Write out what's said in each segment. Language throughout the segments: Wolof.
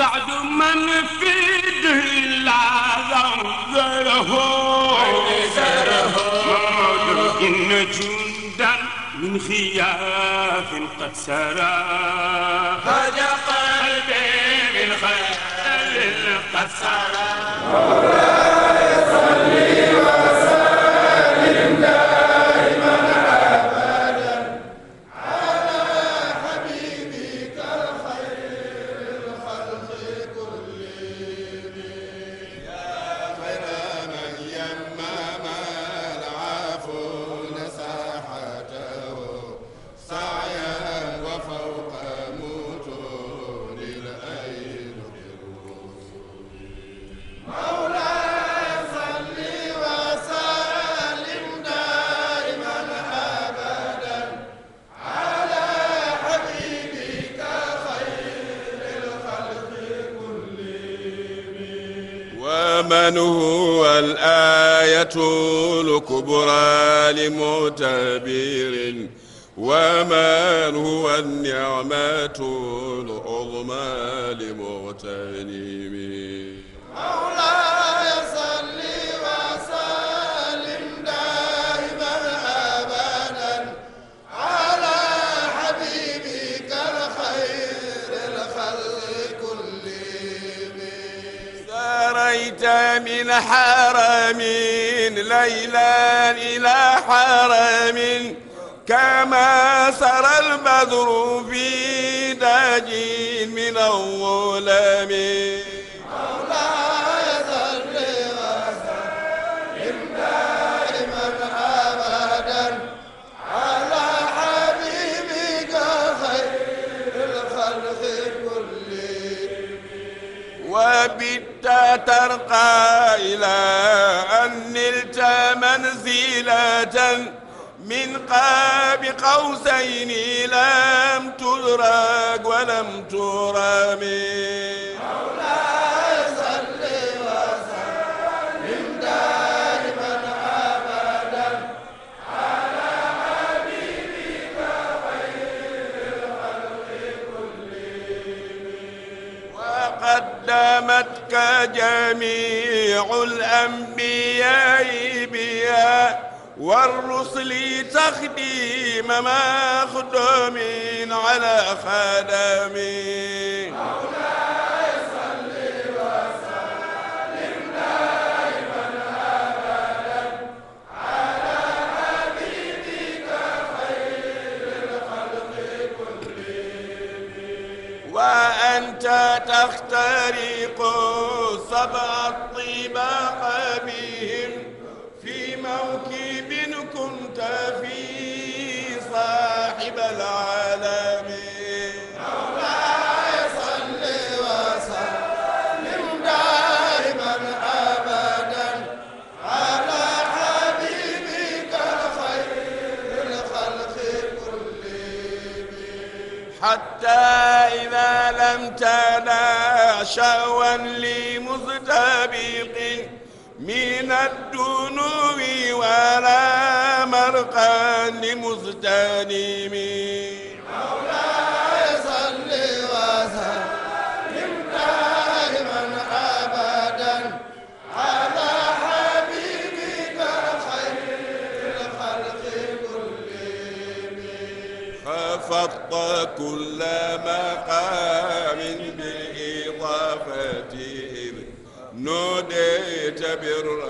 سعد من في دلا زره إن جندا من خياف قد سرى هد قلبي من خيال قد سرى مولاي صلي وسلم لمعتبر ومن هو النعمة جئت من حرم ليلا إلى حرم كما سرى البدر في داج من أولم ترقى إلى أن نلت منزلة من قاب قوسين لم تدرك ولم ترمي فجميع الأنبياء بها والرسل تخديم ما خدم على خدمين تخترق سبع الطباق بهم في موكب كنت فيه صاحب العالم إذا لم تنا شوا لمستبق من الدنو ولا مرقا لمستنيم كل مقام بالإضافة نوديت بالرحمة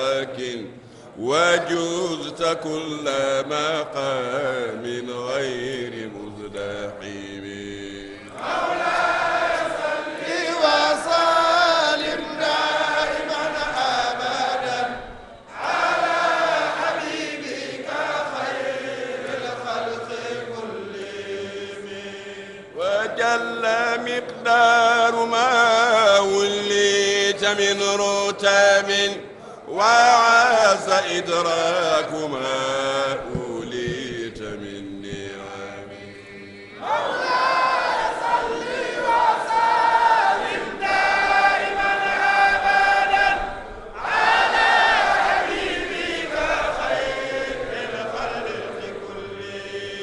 وجزت كل مقام غير مزدحم مولاي صل وسلم دائما ابدا على حبيبك خير الخلق كلهم وجل مقدار ما وليت من رتب وعاس إدراك ما أوليت من نعم مولاي صل وسلم دائما أبدا على حبيبك خير الخلق كلهم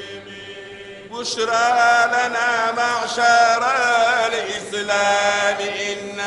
بشرى لنا معشر الإسلام إن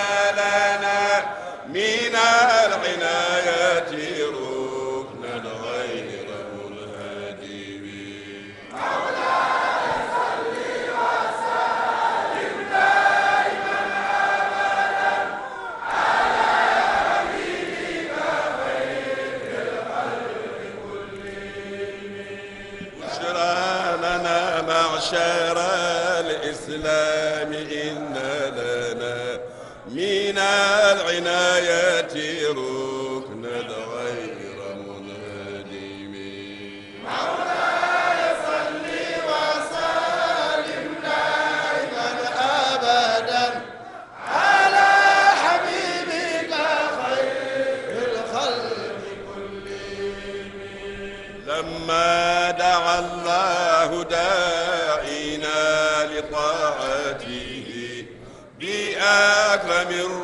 العناية ركن غير منهدم مولاي صل وسلم دائما أبدا على حبيبك خير الخلق كلهم لما دعا الله داعينا لطاعته بأكرم الرسل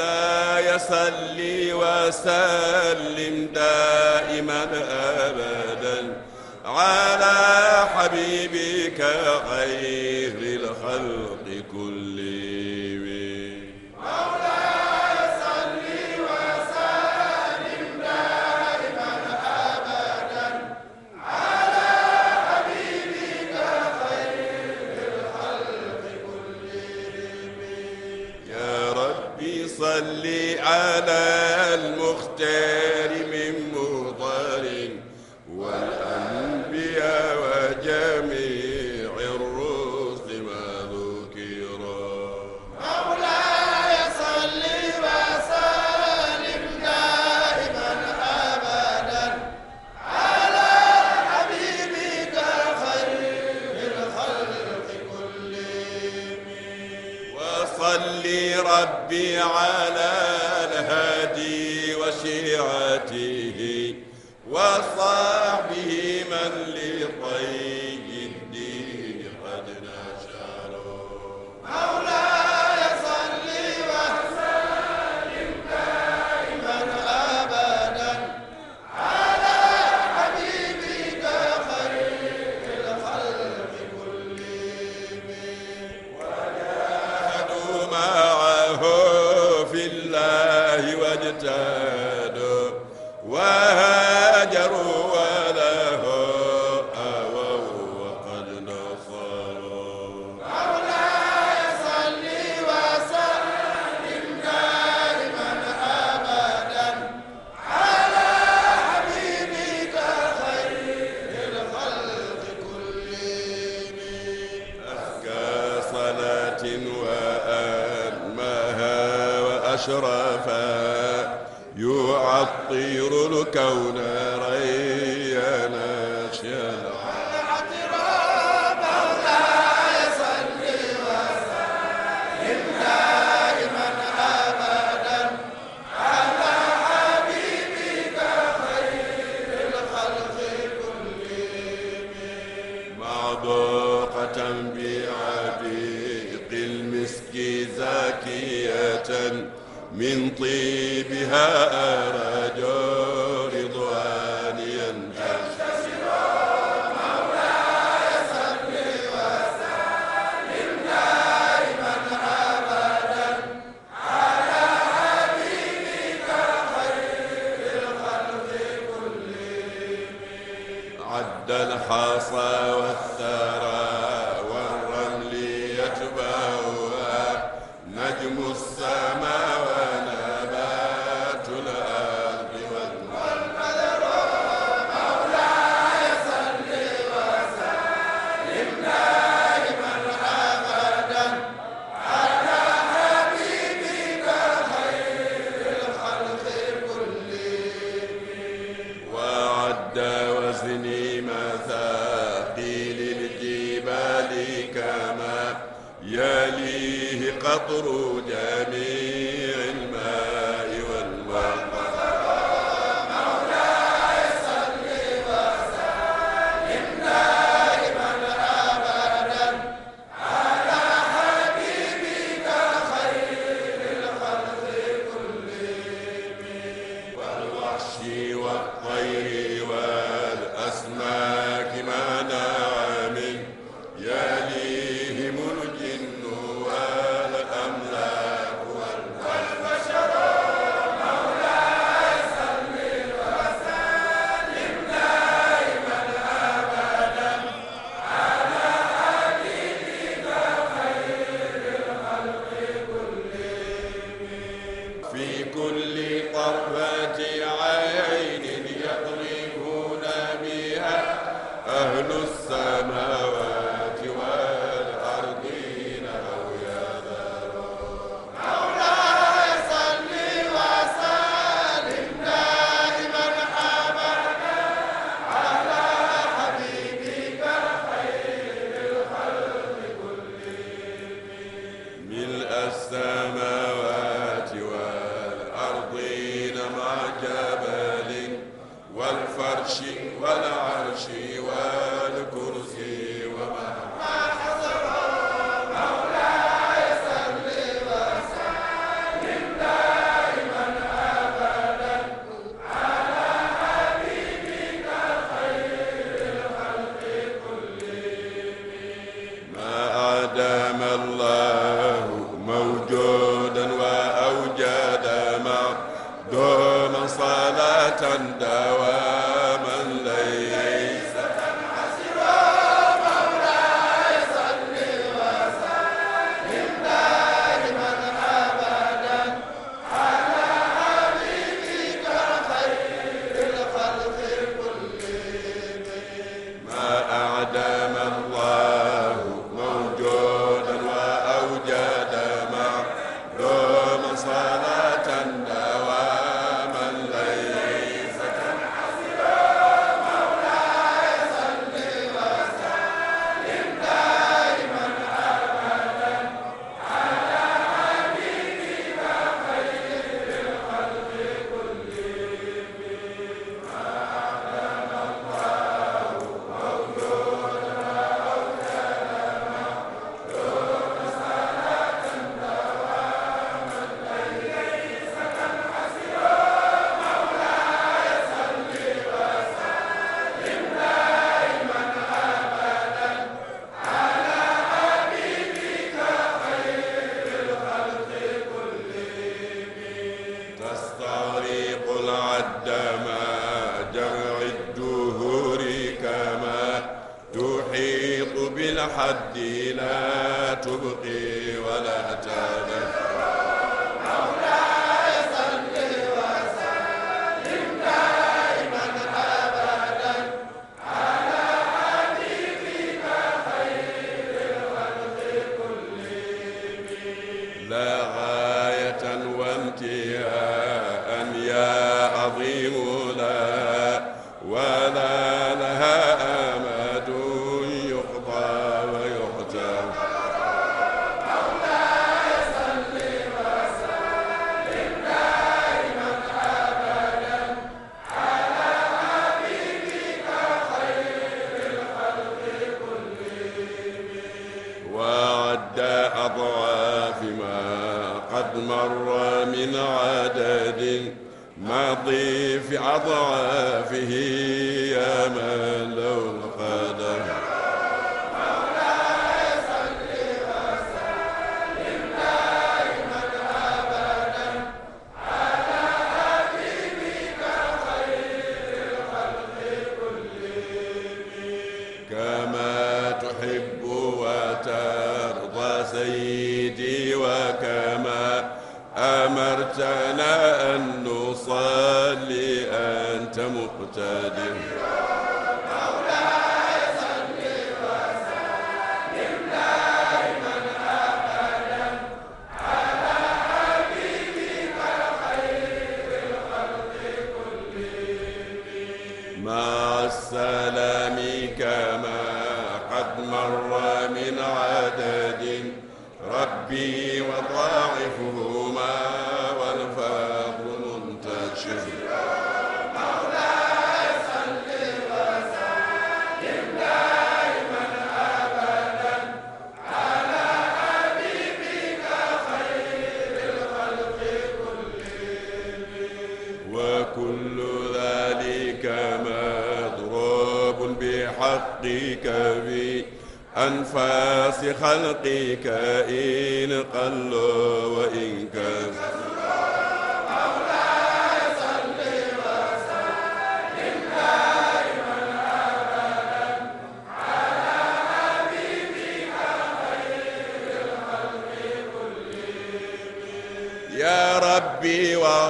مولاي صل وسلم دائما أبدا على حبيبك خير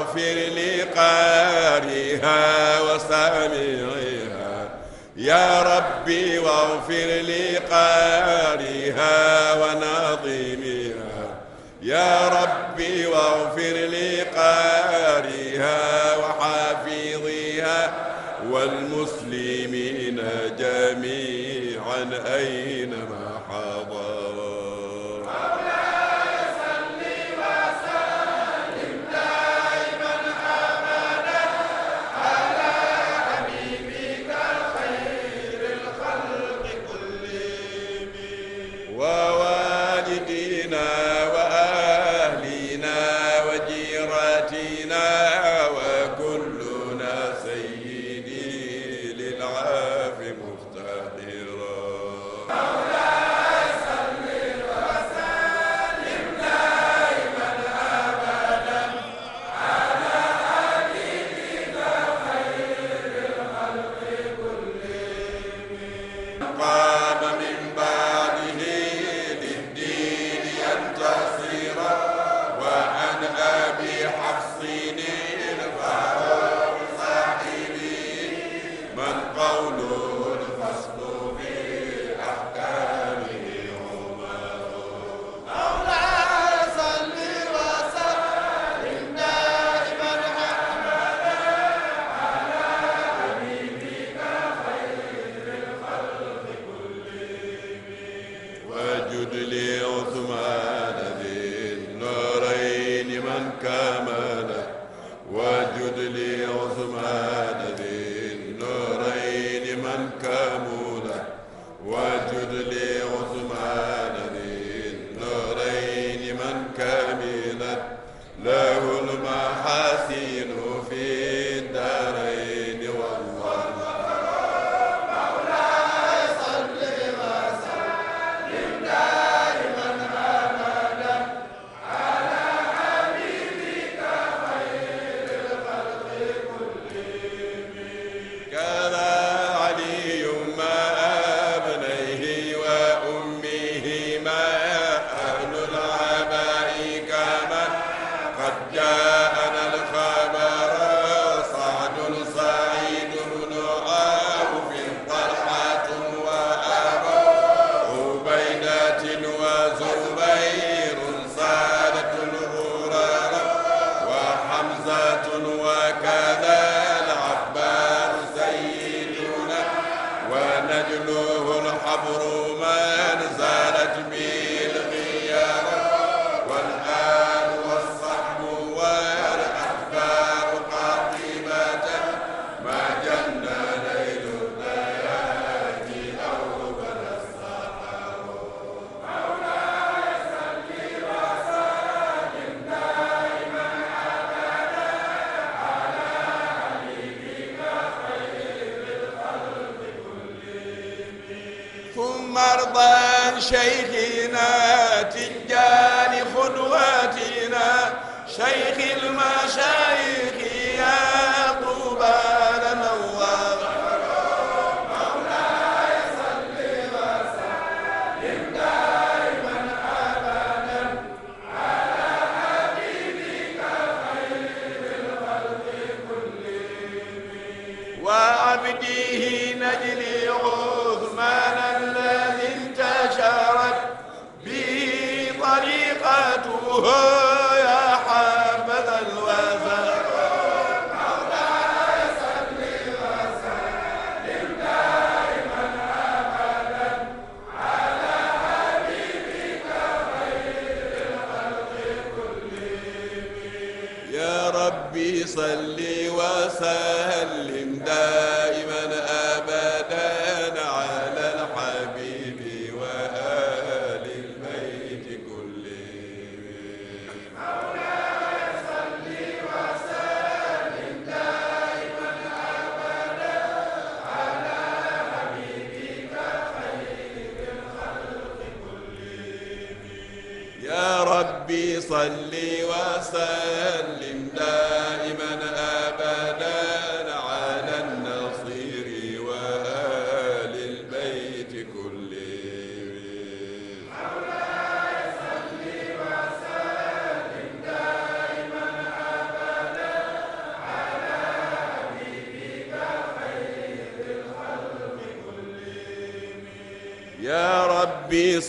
واغفر لقارئها وسامعها يا ربي واغفر لقارئها وناظمها يا ربي واغفر لقارئها وحافظها والمسلمين جميعا أيها جنات الجان خدواتنا شيخ المشايخ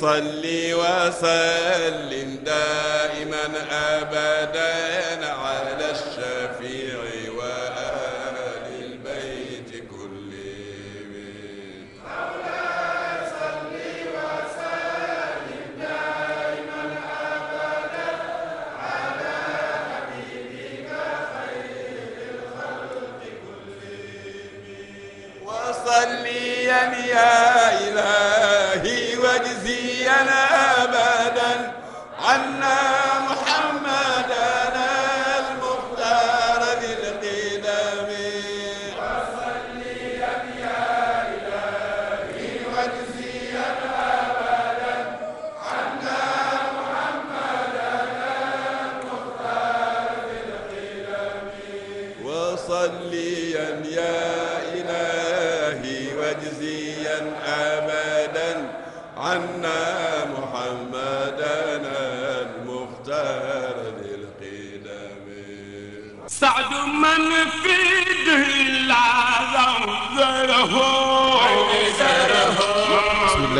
صلي وسلم anna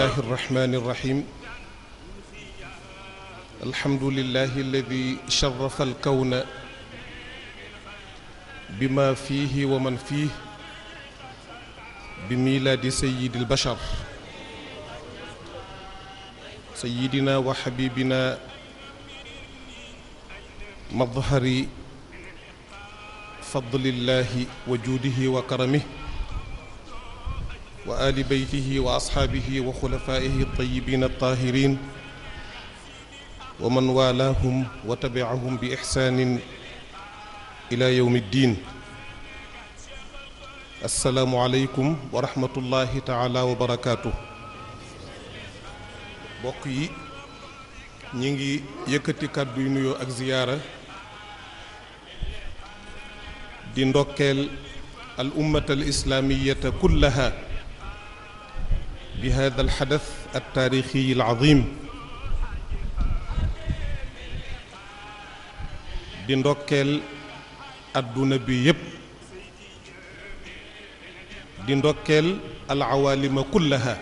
الله الرحمن الرحيم الحمد لله الذي شرف الكون بما فيه ومن فيه بميلاد سيد البشر سيدنا وحبيبنا مظهر فضل الله وجوده وكرمه wa ali beytihi wa asxaabihi wa xulafaa'ihi altayibiin altaahiriin wa man waalaahum wa tabi'ahum bi ixsaanin ila yowmi ddiin assalaamu aleykum wa rahmatullahi taala wa barakaatu bokk yi ñi ngi yëkkati kàddu yu nuyoo ak ziyaara di ndokkeel al ummata al islaamiyata kullaha بهذا الحدث التاريخي العظيم di ndokkeel adduna bi yépp di ndokkeel alawaalima kullaha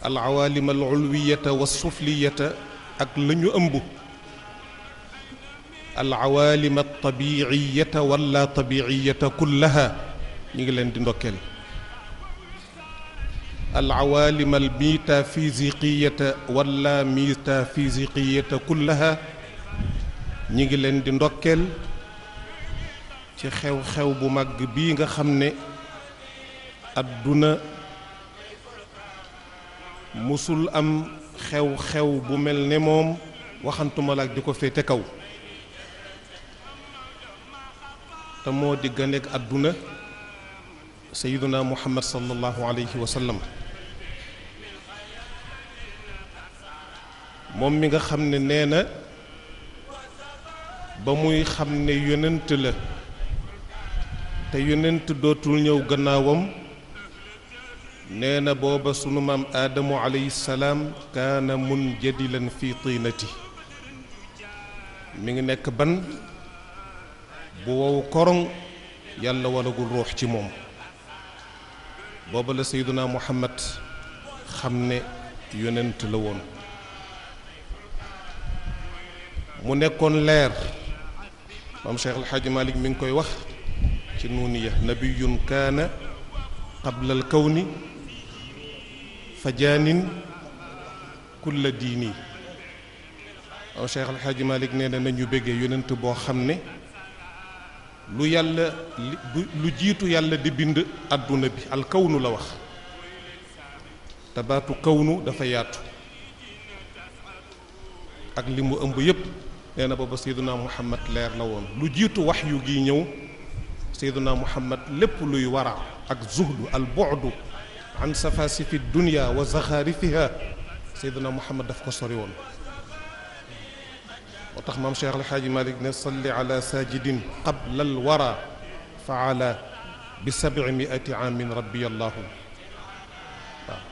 alawaalima al ulwiyata wa sufliyata ak la ñu ëmb alawaalima altabiiciyata wala tabiiciyata kullaha ñu ngi leen di ndokkeel العوالم الميتافيزيقية ولا ميتافيزيقية كلها ñi ngi leen di ndokkeel ci xew-xew bu mag bii nga xam ne adduna musul am xew-xew bu mel ne moom waxantuma ak di ko féete kaw te moo di ganeeg adduna sayyiduna muhammad sallallahu alayhi wa sallam moom mi nga xam ne nee na ba muy xam ne yonent la te yonent dootul ñëw gannaawam nee na booba sunu maam aadamu alayhi salaam kaana munjadilan fi tiinati mu ngi nekk ban bu wow koroŋ yàlla wanagul ruux ci moom booba la sayduna muhammad xam ne yonent la woon mu nekkoon leer maam cheikh alxaaji malik mi ngi koy wax ci nuuniya nabiyun kaana qabla al kawni fajaanin kulla diini maam cheikh alxaaji malik nee na nañu béggee yonent boo xam ne lu yàlla lu jiitu yàlla di bind àdduna bi alkawnu la wax tabaatu kawnu dafa yaatu ak li mu ëmb yépp nee na booba seyduna muhammad leer na woon lu jiitu wax yu gi ñëw seyduna muhammad lépp luy wara ak zuhdu al bu'du an safasifi dunya wa zaxaarifiha seyduna muhammad daf ko sori moo tax maam Cheikh Alxaaji Malik ne salli ala sajidin qabla alwara faala bi sabi miati amin rabbi allahu waaw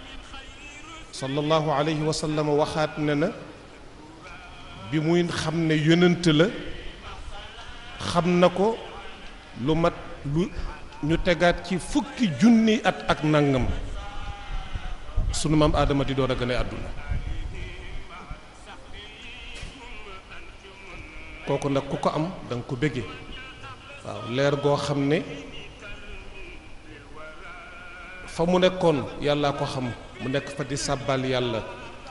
sallallahu alayhi wa waxaat ne na bi muy xam ne yonent la xam na ko lu mat lu ñu tegaat ci fukki junni at ak nangam sunu maam aadama di doon a gën a àdduna kooku nag ku ko am danga ko bëggee waaw leer goo xam ne fa mu nekkoon yàllaa ko xam mu nekk fa di sàbbal yàlla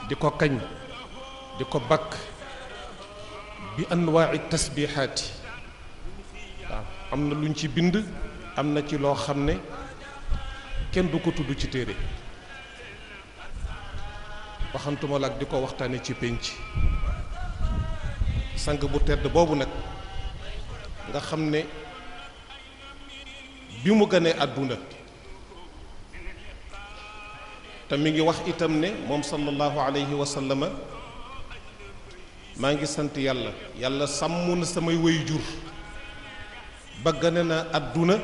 di ko kañ di ko bakk bi anwaai tasbihaati waaw am na luñ ci bind am na ci loo xam ne kenn du ko tudd ci téere waxantuma ak di ko waxtaane ci pénc sang bu tedd boobu nag nga xam ne bi mu gënee àdduna te mi ngi wax itam ne moom sallallahu alayhi wa sallama maa ngi sant yàlla yàlla sàmm na samay way jur ba gane na àdduna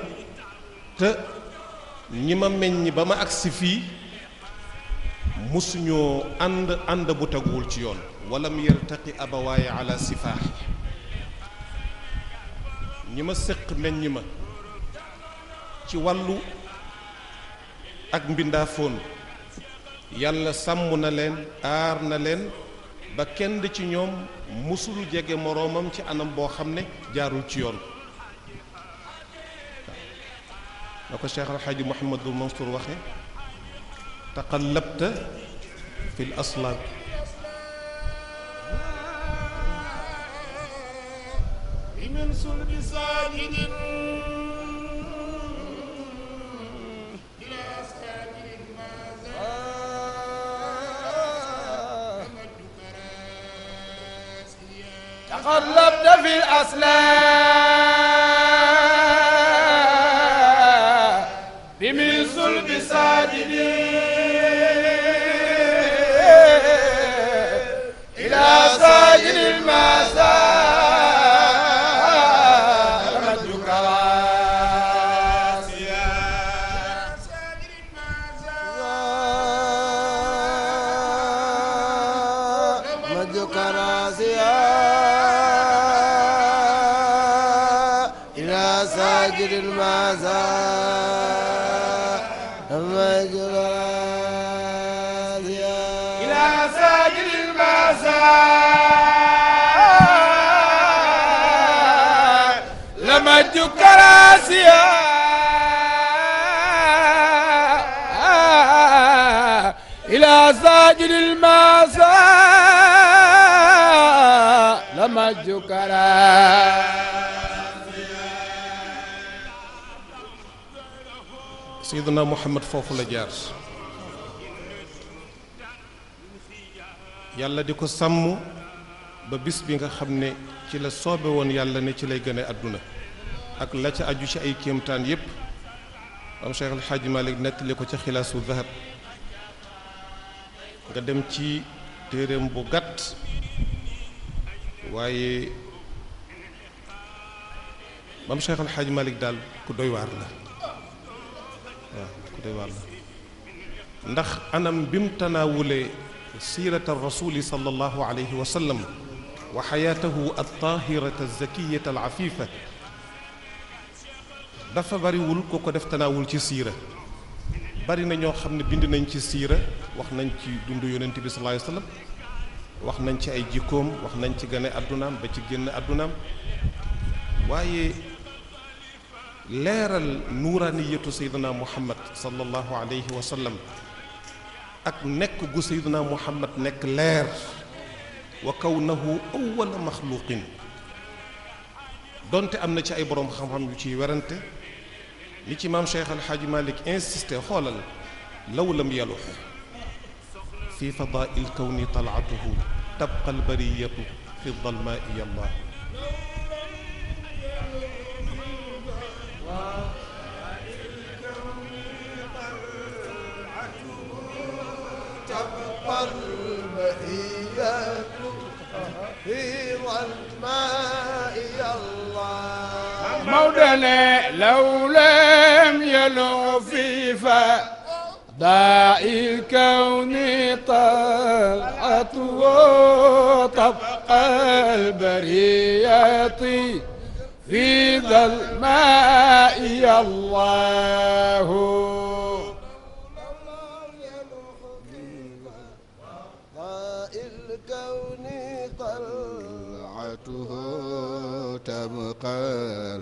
te ñi ma meññ ba ma agsi fii mosuñoo ànd ànd bu teguwul ci yoon walam yaltaqi abawaaye ala sifaax ñi ma séq meññ ma ci wàllu ak mbindaafoon yàlla sàmm na leen aar na leen ba kenn ci ñoom musul jege moroomam ci anam boo xam ne jaarul ci yoon na ko Cheikh Alxaaji Mouhamadul Mansour waxe taqallabta fil aslaab من صلب ساجد إلى ساجد ما زال أمدك راسيا تقلبت في الأسلام بمن صلب ساجد إلى ساجد ما زال المساجد المعزاء المسجد العازية إلى مساجد المعزاء لمجد كراسيا إلى مساجد المعزاء لمجد كراسيا Seydina Muhammad foofu la jaar yàlla di ko sàmm ba bis bi nga xam ne ci la soobe woon yàlla ne ci lay gëne àdduna ak la ca aju ci ay kéemtaan yépp am Cheikh El Hadj Malick ko ca xilaasu zahab nga dem ci téereem bu gàtt waaye mam Cheikh El Hadj Malick daal ku doy waar la doy ndax anam bi mu tanaawulee siirata rasuli sallallahu alayhi wa wa xayaatahu altaahirata alzakiyata alafifa dafa bariwul ko ko def tanaawul ci siira bari na ñoo xam ne bind nañ ci siira wax nañ ci dund yonent bi sallallahu alayhi wax nañ ci ay jikkoom wax nañ ci gane àddunaam ba ci génn àddunaam waaye leeral nuuraaniyatu sayduna muhammad sallallahu alayhi ak nekk gu sayduna muhammad nekk leer wa kawnahu awwala maxluqin donte am na ci ay boroom xam-xam yu ciy werante li ci maam Cheikh Alxaaji Malik insisté xoolal law lam yalux fi fadail kawni talaatuhu tabqa albariyatu fi dalmaai yallah ربنا لو لم يلو في داعي الكون طلعته تبقى البرية في ذا الماء الله تبقى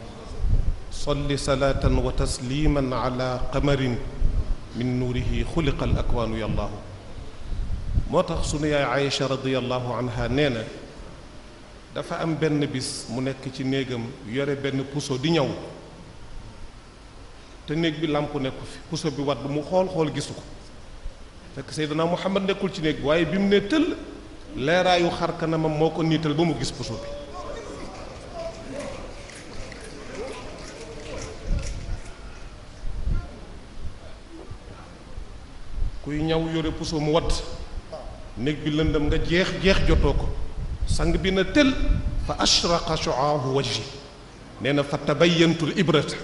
solli salaata wa tasliman ala qamarin min nuurihi xuliqa al akwaanu yallaahu moo tax sunu yaay Aïcha radiallahu anha nee na dafa am benn bis mu nekk ci néegam yore benn puso di ñaw te néeg bi làmp nekku fi puso bi wadd mu xool xool gisu ko fekk Seydina Muhammad nekkul ci néeg bi waaye bi mu ne tëll leeraayu xar kanamam moo ko niital ba mu gis puso bi kuy ñaw yore puso mu wadd néeg bi lëndëm nga jeex jeex jotoo ko sang bi na tël fa ashraqa shu'aahu wajhi nee na fa tabayyantul ibrata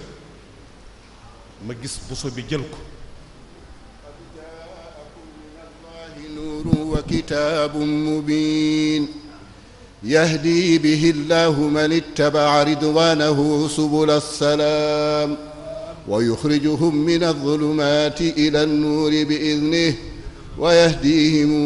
ma gis puso bi jël ko nuurun wa kitaabun mubiin yahdi bihi llaahu man ittaba'a ridwaanahu subula salaam ويخرجهم من الظلمات إلى النور بإذنه ويهديهم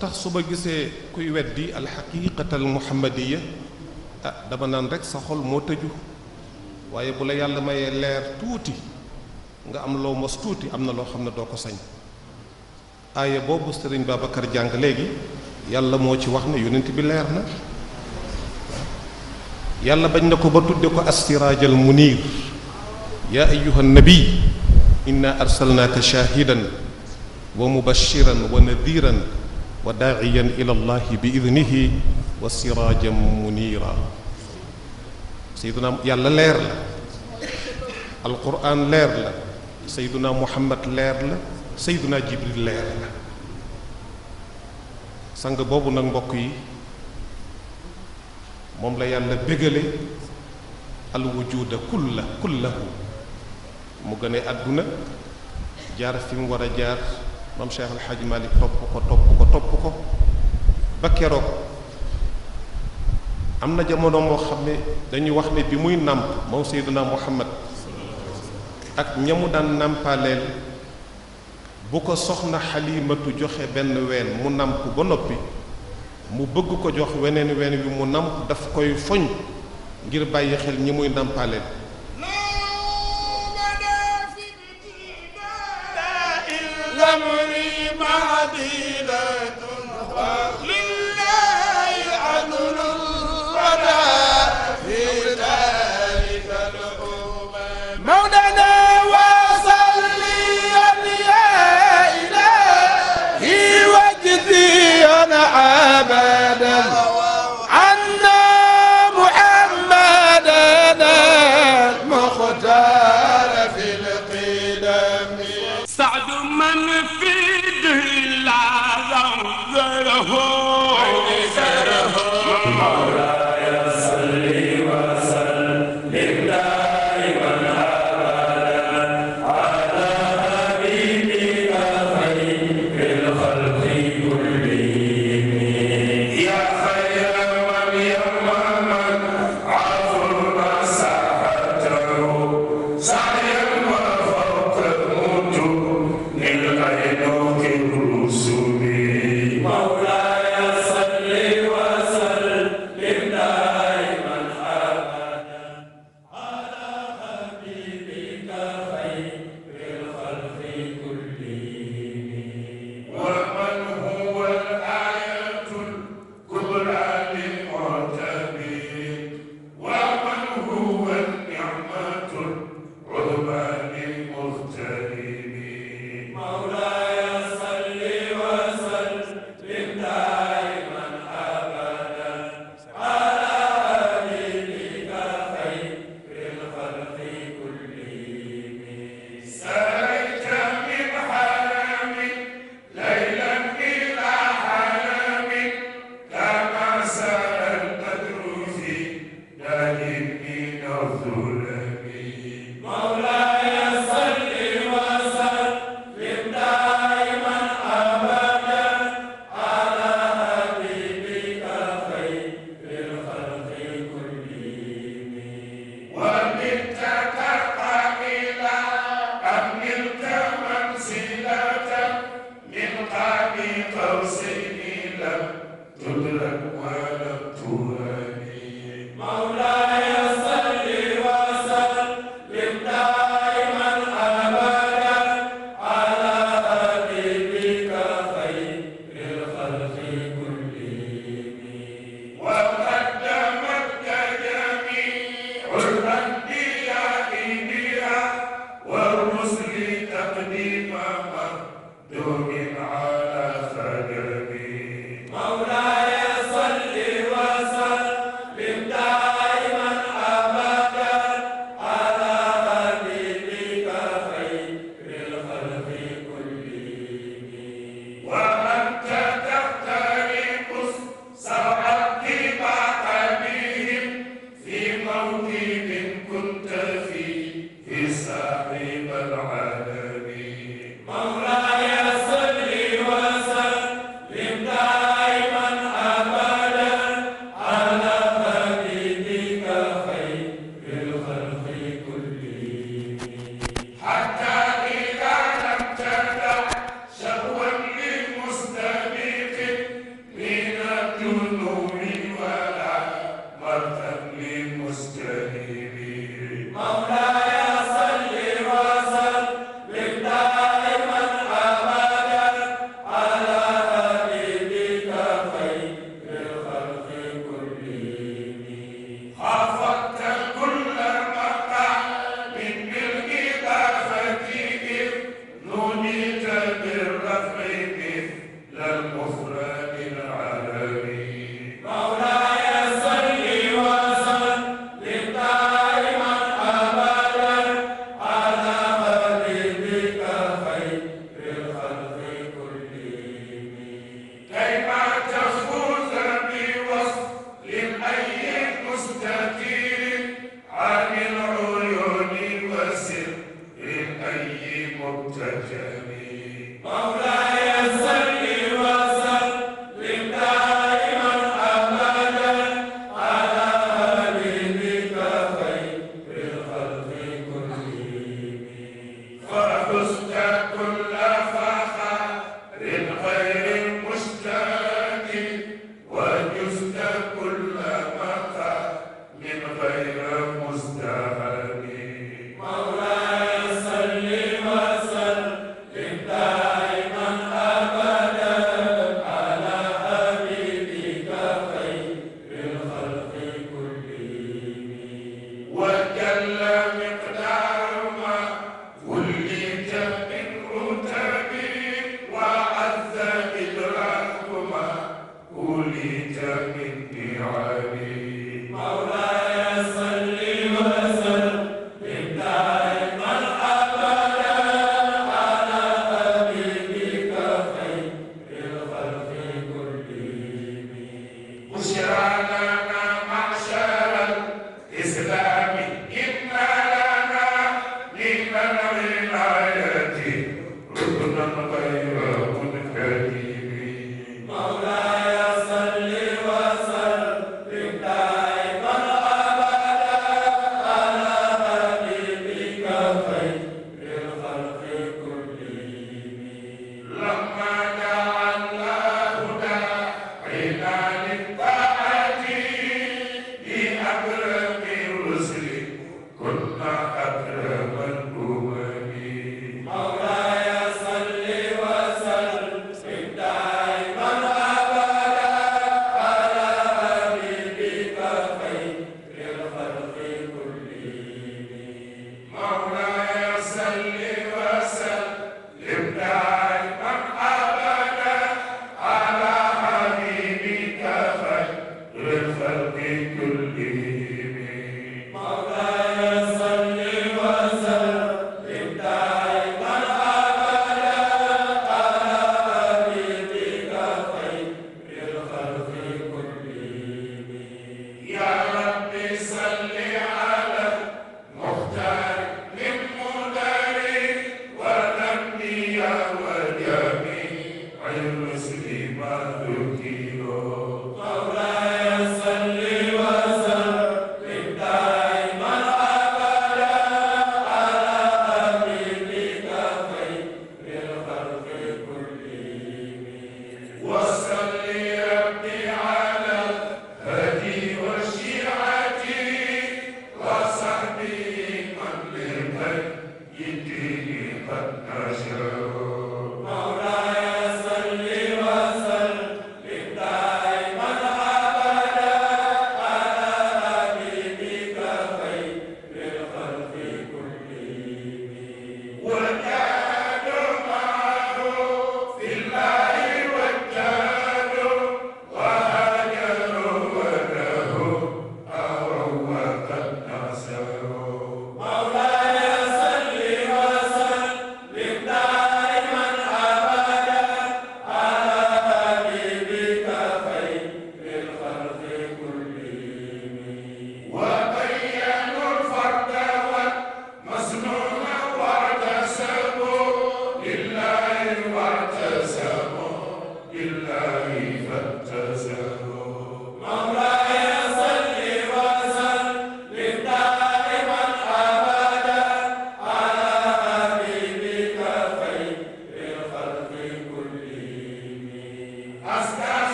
tax su ma gisee kuy weddi alxaqiqatal muhammadiya ah dama naan rek sa xol moo tëju waaye bu la yàlla mayee leer tuuti nga am loo mos tuuti am na loo xam ne doo ko sañ aaye boobu sëriñ Babacar jàng léegi yàlla moo ci wax ne yonent bi leer na yàlla bañ na ko ba tudde ko assiraajal muniir yaa ayyuha nabi inna arsalnaaka shaahidan wa mubashiran wa nadiran wa daa'iyan ila allahi bi idnihi wa siraajan muniira sayduna yàlla leer la alquran leer la sayduna muhammad leer la sayduna jibril leer la sang boobu nag mbokk yi moom la yàlla bégale alwujuda kulla kullahu mu gën a àdduna jaar fi mu war a jaar maam Cheikh Al Hadj Malick topp ko topp ko topp ko ba keroog am na jamono moo xam ne dañuy wax ne bi muy nàmp moom Seydina Muhammad ak ñamu daan nàmpaaleel bu ko soxna xalimatu joxe benn ween mu nàmp ba noppi mu bëgg ko jox weneen ween wi mu nàmp daf koy foñ ngir bàyyi xel ñi muy nàmpaaleen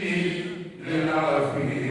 de la vie.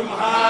subhan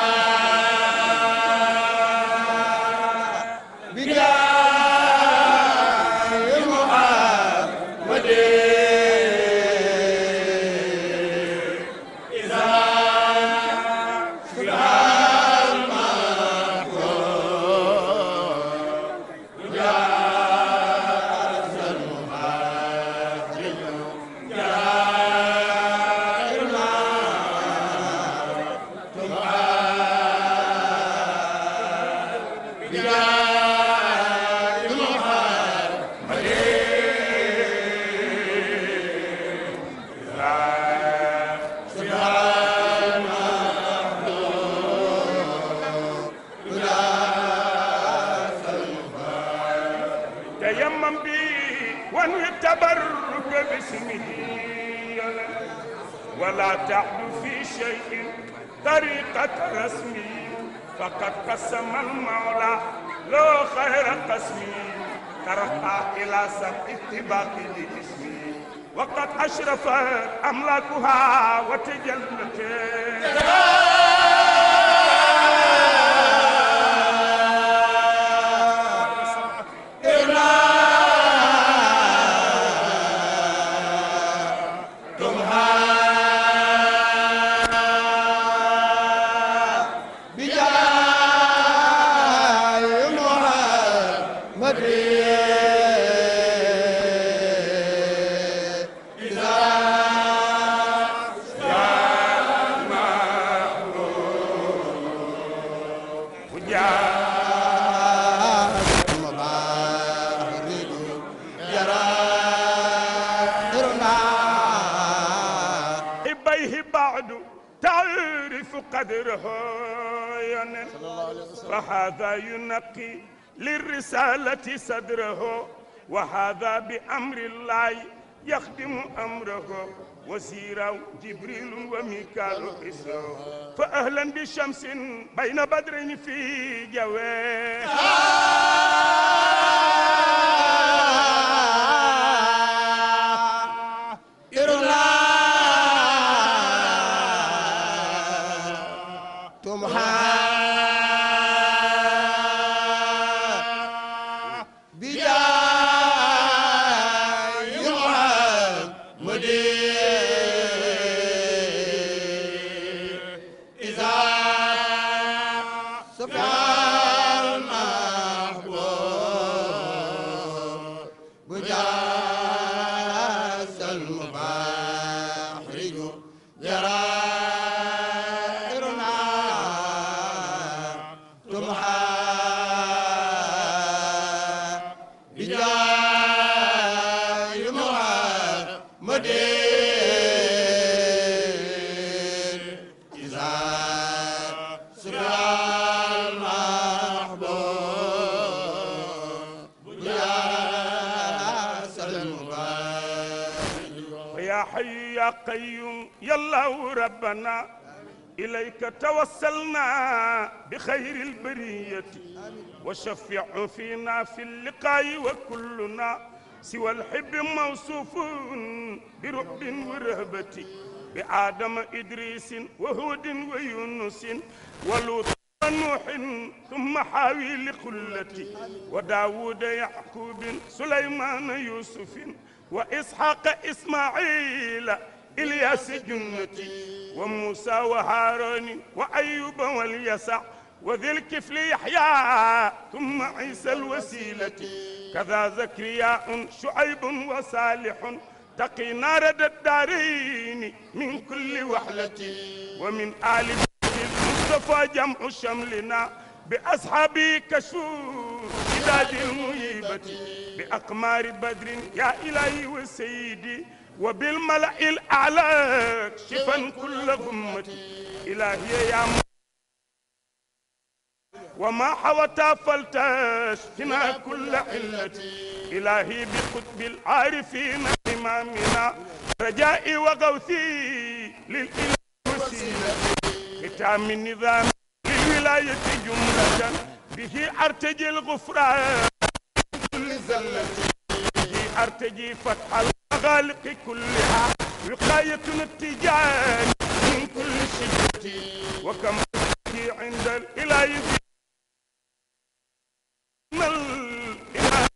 قدره ينن وهذا ينقي للرسالة صدره وهذا بأمر الله يخدم أمره وزيرا جبريل وميكال إسرو فأهلا بشمس بين بدرين في جواه إليك توسلنا بخير البرية وشفع فينا في اللقاء وكلنا سوى الحب موصوف برعب ورهبة بآدم إدريس وهود ويونس ولوط ونوح ثم حاوي لقلتي وداود يعقوب سليمان يوسف وإسحاق إسماعيل إلياس جنتي وموسى وهارون وأيوب واليسع وذي الكفل يحيى ثم عيسى الوسيلة كذا زكرياء شعيب وصالح تقي نار الدارين من كل وحلة ومن آل المصطفى جمع شملنا بأصحابي كشوف إداد المهيبة بأقمار بدر يا إلهي وسيدي وبالملأ الأعلى شفا كل غمتي إلهي يا م... وما حوت فلتشفنا كل علتي إلهي بقطب العارفين إمامنا رجائي وغوثي للإله وسيلتي ختام النظام للولاية جملة به أرتجي الغفران كل زلتي به أرتجي فتح الخالق كلها وقايتنا التجان من كل شدة وكم عند الإله من الإله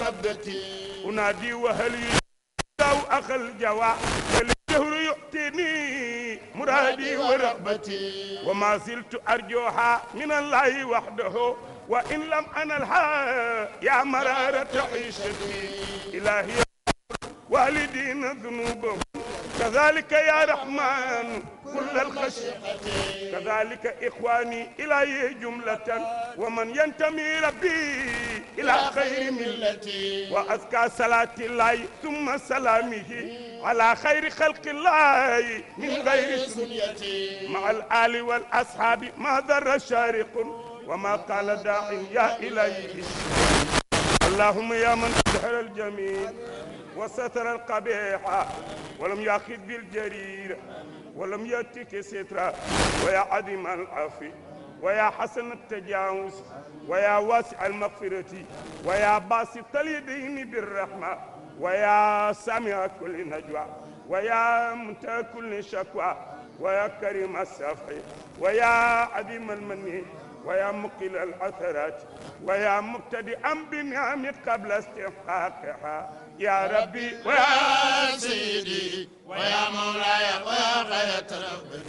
قبتي أنادي وهل يدعو أخ الجوى فالجهر يعطيني مرادي ورغبتي وما زلت أرجوها من الله وحده وإن لم أنلها يا مرارة عيشتي إلهي والدينا ذنوبهم كذلك يا رحمن كل الخشية كذلك إخواني إلي جملة ومن ينتمي ربي إلى خير ملتي وأزكى صلاة الله ثم سلامه على خير خلق الله من غير سنيتي مع الآل والأصحاب ما ذر شارق وما قال داع يا إليه اللهم يا من تدهر الجميل وستر القبيح ولم يأخذ بالجرير ولم يأتك سترا ويا عدم العفو ويا حسن التجاوز ويا واسع المغفرة ويا باسط اليدين بالرحمة ويا سامع كل نجوى ويا منتهى كل شكوى ويا كريم السافي ويا عظيم المن ويا مقل العثرات ويا مبتدئا بنعمك قبل استحقاقها يا ربي ويا سيدي ويا مولاي ويا خير تربي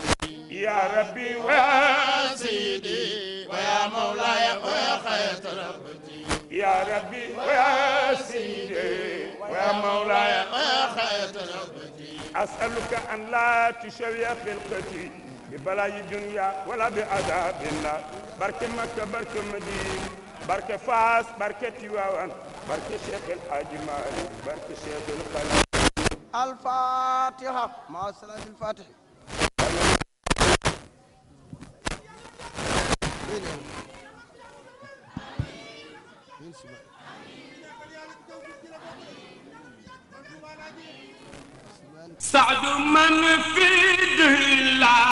يا ربي ويا سيدي ويا مولاي ويا خير تربي يا ربي ويا سيدي ويا مولاي ويا خير تربي أسألك أن لا تشوي خلقتي ببلاء الدنيا ولا بعذاب الله بركة مكة بركة مدينة بركة فاس بركة تيوان barke Cheikh El Hadji Malick barke Cheikh El Khalil al-Fatiha ma salati al-Fatiha سعد من في دهلا